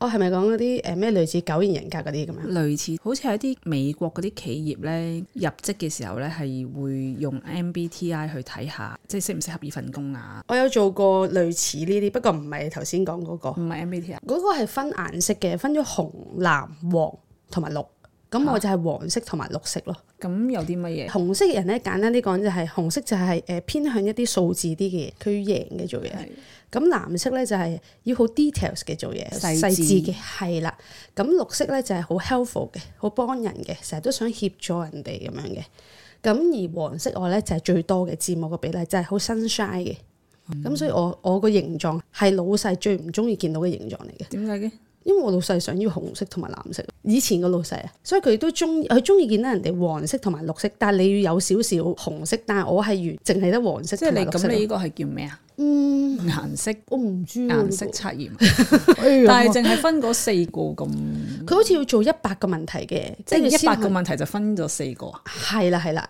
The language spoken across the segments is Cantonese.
我係咪講嗰啲誒咩類似九型人格嗰啲咁樣？類似好似係啲美國嗰啲企業咧，入職嘅時候咧係會用 MBTI 去睇下，即係適唔適合呢份工啊？我有做過類似呢啲，不過唔係頭先講嗰個，唔係 MBTI，嗰個係分顏色嘅，分咗紅、藍、黃同埋綠。咁我就係黃色同埋綠色咯。咁有啲乜嘢？紅色嘅人咧，簡單啲講就係紅色就係誒偏向一啲數字啲嘅，佢要贏嘅做嘢。咁的藍色咧就係、是、要好 details 嘅做嘢，細緻嘅。係啦，咁綠色咧就係、是、好 helpful 嘅，好幫人嘅，成日都想協助人哋咁樣嘅。咁而黃色我咧就係、是、最多嘅字母嘅比例就，就係好 sunshine 嘅。咁所以我我個形狀係老細最唔中意見到嘅形狀嚟嘅。點解嘅？因為我老細想要紅色同埋藍色，以前個老細啊，所以佢都中意，佢中意見到人哋黃色同埋綠色，但係你要有少少紅色。但係我係完淨係得黃色、色，即係你咁，你呢個係叫咩啊？嗯，顏色我唔知顏、那個、色測驗， 哎、呦但係淨係分嗰四個咁，佢 好似要做一百個問題嘅，即係一百個問題就分咗四個，係啦係啦。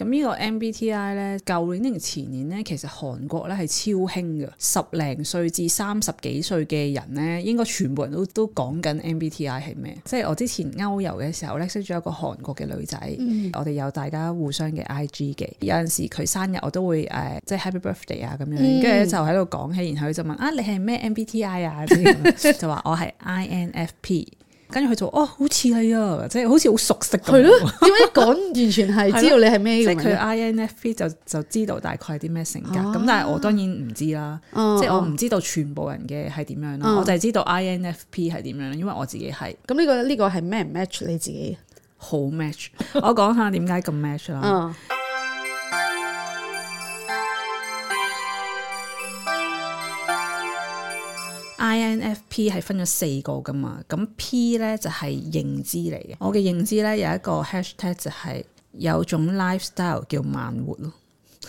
咁呢個 MBTI 呢，舊年定前年呢？其實韓國呢係超興㗎，十零歲至三十幾歲嘅人呢，應該全部人都都講緊 MBTI 係咩？即係我之前歐遊嘅時候呢，識咗一個韓國嘅女仔，嗯、我哋有大家互相嘅 IG 嘅，有陣時佢生日我都會誒、啊，即係 Happy Birthday 啊咁樣，跟住咧就喺度講起，然後佢就問啊你係咩 MBTI 啊？MB 啊 就話我係 INFP。跟住佢就哦，好似係啊，即係好似好熟悉佢係咯，點解講完全係知道你係咩？即係佢 INFP 就就知道大概係啲咩性格。咁、哦、但係我當然唔知啦，哦、即係我唔知道全部人嘅係點樣咯。哦、我就係知道 INFP 係點樣，因為我自己係。咁呢、嗯嗯、個呢個係咩 match 你自己？好 match。我講下點解咁 match 啦。哦 NFP 係分咗四個㗎嘛，咁 P 咧，就係認知嚟嘅。我嘅認知咧有一個 hashtag 就係有種 lifestyle 叫慢活咯。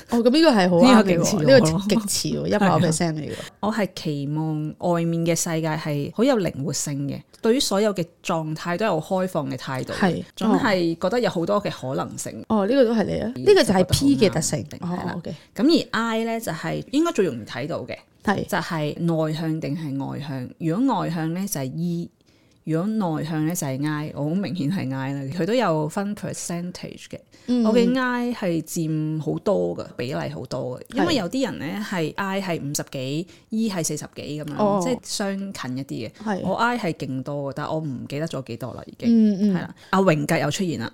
哦，咁、嗯、呢、這個係好，呢、這個極呢、這個極似一百 percent 嚟嘅。我係期望外面嘅世界係好有靈活性嘅，對於所有嘅狀態都有開放嘅態度，係總係覺得有好多嘅可能性。哦，呢、這個都係你啊？呢個就係 P 嘅特性定係啦。咁、哦 okay. 而 I 咧，就係應該最容易睇到嘅。係，就係內向定係外向。如果外向咧，就係 E。如果內向咧，就係 I，我好明顯係 I 啦，佢都有分 percentage 嘅，我嘅 I 係佔好多噶比例，好多嘅，因為有啲人咧係 I 係五十幾，E 係四十幾咁樣，即係相近一啲嘅。我 I 係勁多嘅，但係我唔記得咗幾多啦，已經係啦。阿榮格又出現啦，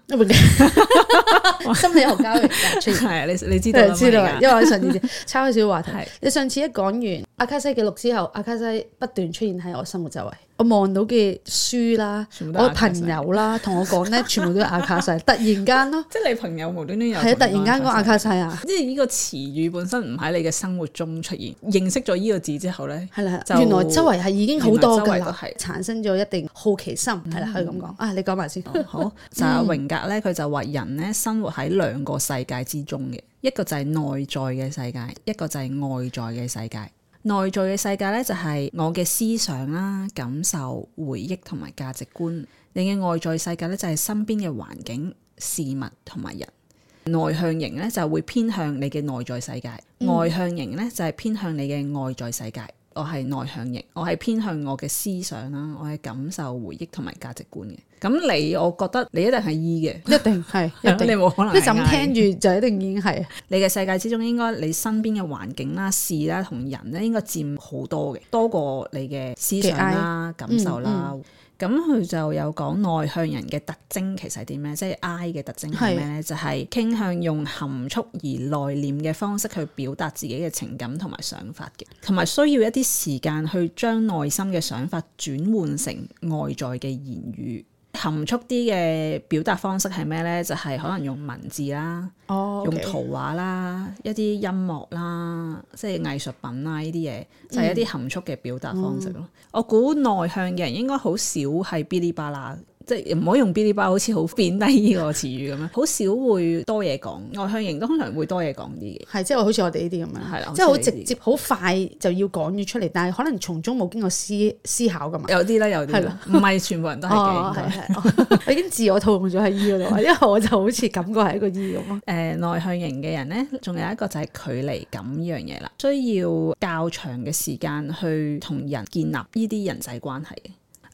心理學家出現，係啊，你你知道知道。因為我上次差少少話題，你上次一講完阿卡西記錄之後，阿卡西不斷出現喺我生活周圍。我望到嘅書啦，我朋友啦，同我講咧，全部都阿卡曬。突然間咯，即係你朋友無端端有。係啊，突然間講阿卡曬啊！即係呢個詞語本身唔喺你嘅生活中出現，認識咗呢個字之後咧，係啦，原來周圍係已經好多嘅啦，產生咗一定好奇心，係啦，可以咁講。啊，你講埋先，好就阿榮格咧，佢就話人咧生活喺兩個世界之中嘅，一個就係內在嘅世界，一個就係外在嘅世界。內在嘅世界咧，就係我嘅思想啦、感受、回憶同埋價值觀。你嘅外在世界咧，就係身邊嘅環境、事物同埋人。內向型咧，就係會偏向你嘅內在世界。嗯、外向型咧，就係偏向你嘅外在世界。我係內向型，我係偏向我嘅思想啦，我係感受回憶同埋價值觀嘅。咁你，我覺得你一定係 E 嘅， 一定係一定你冇可能。即係就咁聽住就一定已經係你嘅世界之中應該，應該你身邊嘅環境啦、事啦同人咧，應該佔好多嘅，多過你嘅思想啦、佳感受啦。嗯嗯咁佢就有講內向人嘅特徵其實係啲咩？即係 I 嘅特徵係咩咧？是就係傾向用含蓄而內斂嘅方式去表達自己嘅情感同埋想法嘅，同埋需要一啲時間去將內心嘅想法轉換成外在嘅言語。含蓄啲嘅表達方式係咩咧？就係可能用文字啦，oh, okay. 用圖畫啦，一啲音樂啦，即係藝術品啦呢啲嘢，就係一啲含蓄嘅表達方式咯。嗯嗯、我估內向嘅人應該好少係噼里啪啦。即係唔好用 bully boy，好似好貶低呢個詞語咁樣，好少會多嘢講。外向型通常會多嘢講啲嘅，係的即係好似我哋呢啲咁樣，係啦，即係好直接、好快就要講嘢出嚟，但係可能從中冇經過思思考噶嘛。有啲啦，有啲啦，唔係的全部人都係嘅。我已經自我套用咗喺呢個啦， 因為我就好似感覺係一個呢咁咯。誒、呃，內向型嘅人咧，仲有一個就係距離感呢樣嘢啦，需要較長嘅時間去同人建立呢啲人，人際關係。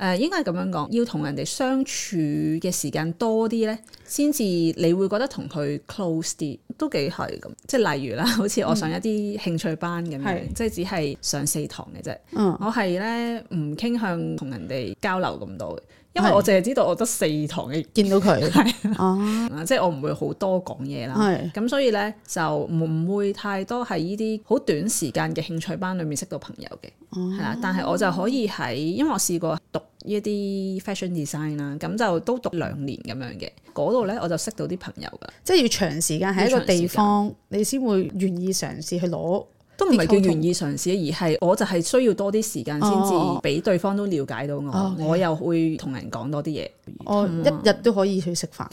誒、呃、應該係咁樣講，要同人哋相處嘅時間多啲咧，先至你會覺得同佢 close 啲，都幾係咁。即係例如啦，好似我上一啲興趣班咁樣，嗯、即係只係上四堂嘅啫。嗯、我係咧唔傾向同人哋交流咁多嘅，因為我淨係知道我得四堂嘅見到佢，係、 啊、 即係我唔會好多講嘢啦。咁是所以咧就唔會太多喺呢啲好短時間嘅興趣班裡面識到朋友嘅，係啦、嗯。但係我就可以喺，因為我試過讀。一啲 fashion design 啦，咁就都讀兩年咁樣嘅，嗰度呢，我就識到啲朋友噶，即係要長時間喺一個地方你，你先會願意嘗試去攞，都唔係叫願意嘗試，而係我就係需要多啲時間先至俾對方都了解到我，哦、我又會同人講多啲嘢，我一日都可以去食飯。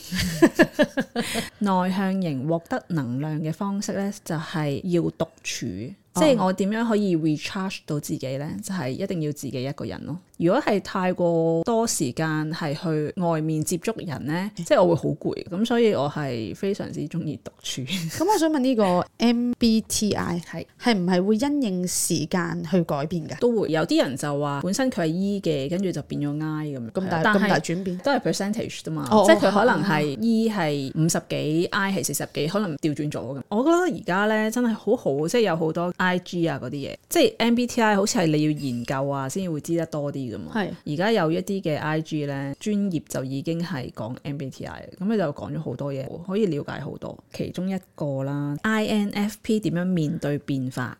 內 向型獲得能量嘅方式呢，就係要獨處，即係、哦、我點樣可以 recharge 到自己呢？就係、是、一定要自己一個人咯。如果係太過多時間係去外面接觸人呢，即係我會好攰，咁所以我係非常之中意獨處。咁我想問呢個 MBTI 係係唔係會因應時間去改變嘅？都會有啲人就話本身佢係 E 嘅，跟住就變咗 I 咁樣。咁大咁大轉變都係 percentage 啫嘛，即係佢可能係 E 係五十幾，I 係四十幾，可能調轉咗咁。我覺得而家呢真係好好，即係有好多 IG 啊嗰啲嘢，即係 MBTI 好似係你要研究啊先會知得多啲。係，而家是有一啲嘅 I G 咧，專業就已經係講 M B T I，咁佢就講咗好多嘢，可以了解好多。其中一個啦，I N F P 點樣面對變化，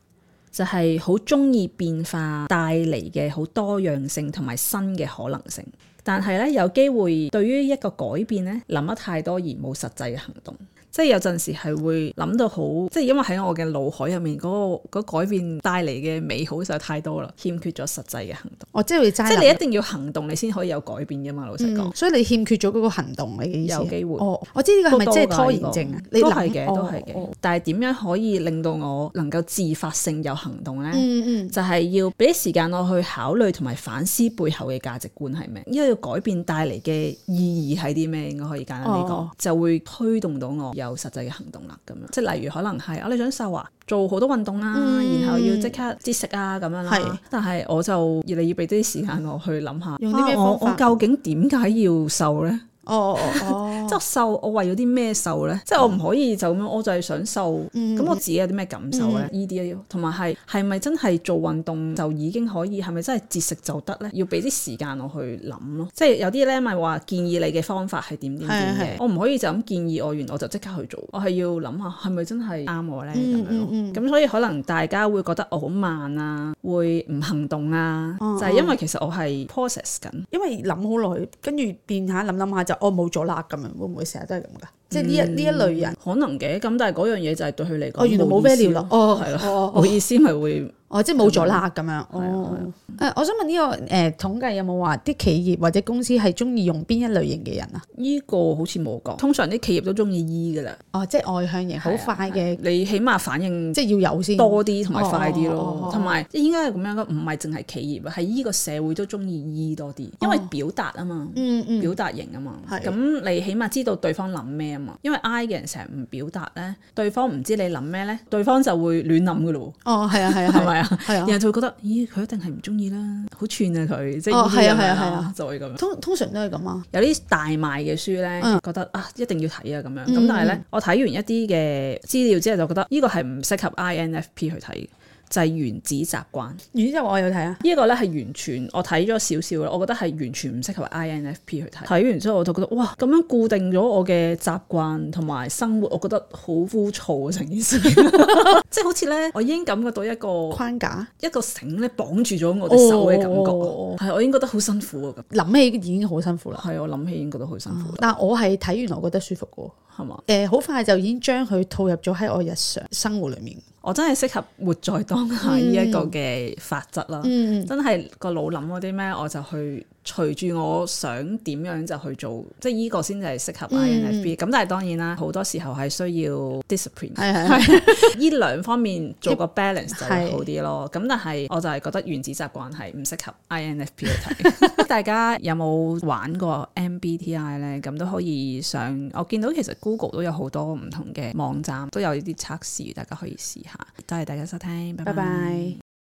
就係好中意變化帶嚟嘅好多樣性同埋新嘅可能性，但係咧有機會對於一個改變咧諗得太多而冇實際嘅行動。即係有陣時係會諗到好，即係因為喺我嘅腦海入面嗰、那個那個改變帶嚟嘅美好就太多啦，欠缺咗實際嘅行動。我即係齋，即係你，你一定要行動，你先可以有改變噶嘛。老實講、嗯，所以你欠缺咗嗰個行動你嘅意有機會、哦，我知呢個係咪即係拖延症啊？都係嘅，都係嘅。哦哦、但係點樣可以令到我能夠自發性有行動咧？嗯嗯、就係要俾啲時間我去考慮同埋反思背後嘅價值觀係咩？因為要改變帶嚟嘅意義係啲咩？應該可以揀呢、這個，哦、就會推動到我。有實際嘅行動啦，咁樣即係例如可能係我你想瘦啊，做好多運動啦，啊、嗯、然後要即刻節食啊咁樣啦。是但係我就越嚟越俾啲時間我去諗下，用咩方法、啊、我我究竟點解要瘦呢、哦？哦哦哦。 哦、即瘦，我為咗啲咩瘦呢？即係我唔可以就咁，我就係想瘦。咁、嗯、我自己有啲咩感受呢？呢啲、嗯、啊，同埋係係咪真係做運動就已經可以？係咪真係節食就得呢？要俾啲時間我去諗咯。即係有啲咧咪話建議你嘅方法係點點點嘅，嗯、我唔可以就咁建議我，完我就即刻去做。我係要諗下係咪真係啱我呢？咁、嗯嗯嗯、樣。咁、嗯嗯嗯、所以可能大家會覺得我好慢啊，會唔行動啊，嗯嗯就係因為其實我係 process 緊，嗯嗯、因為諗好耐，跟住變下諗諗下就我冇咗力咁樣。會唔會成日都係咁噶？嗯、即係呢一呢一類人，可能嘅咁，但係嗰樣嘢就係對佢嚟講，我、哦、原來冇咩料咯。哦，係咯了，我、哦、意思咪會。哦，即係冇咗啦，咁樣。哦，誒，我想問呢個誒統計有冇話啲企業或者公司係中意用邊一類型嘅人啊？呢個好似冇講。通常啲企業都中意 E 噶啦。哦，即係外向型，好快嘅。你起碼反應即係要有先多啲同埋快啲咯，同埋即係應該係咁樣噶，唔係淨係企業啊，係呢個社會都中意 E 多啲，因為表達啊嘛，嗯嗯，表達型啊嘛。咁你起碼知道對方諗咩啊嘛，因為 I 嘅人成日唔表達咧，對方唔知你諗咩咧，對方就會亂諗噶咯。哦，係啊，係啊，係咪？係，然後就會覺得，咦，佢一定係唔中意啦，好串啊佢，即係呢啲啊，係啊係啊係啊就會咁樣。通通常都係咁啊，有啲大賣嘅書咧，覺得啊，一定要睇啊，咁樣。咁、嗯、但係咧，我睇完一啲嘅資料之後，就覺得呢個係唔適合 INFP 去睇就係原子習慣，原子之後我有睇啊！呢一個咧係完全我睇咗少少咧，我覺得係完全唔適合 INFP 去睇。睇完之後我就覺得哇，咁樣固定咗我嘅習慣同埋生活，我覺得好枯燥啊！成件事， 即係好似咧，我已經感覺到一個框架、一個繩咧綁住咗我隻手嘅感覺。係、哦，我已經覺得好辛苦啊！咁諗起已經好辛苦啦。係，我諗起已經覺得好辛苦、嗯。但我係睇完我覺得舒服嘅，係嘛吧？誒、呃，好快就已經將佢套入咗喺我日常生活裡面。我真係適合活在當下依一個嘅法則啦，嗯、真係個腦諗嗰啲咩，我就去。隨住我想點樣就去做，即係呢個先係適合 INFP 咁、嗯、但係當然啦，好多時候係需要 discipline、嗯。係係係，呢兩 方面做個 balance 就會好啲咯。咁、嗯、但係我就係覺得原子習慣係唔適合 INFP 睇。嗯、 大家有冇玩過 MBTI 呢？咁都可以上。我見到其實 Google 都有好多唔同嘅網站都有呢啲測試，大家可以試下。多謝大家收聽，拜拜。拜拜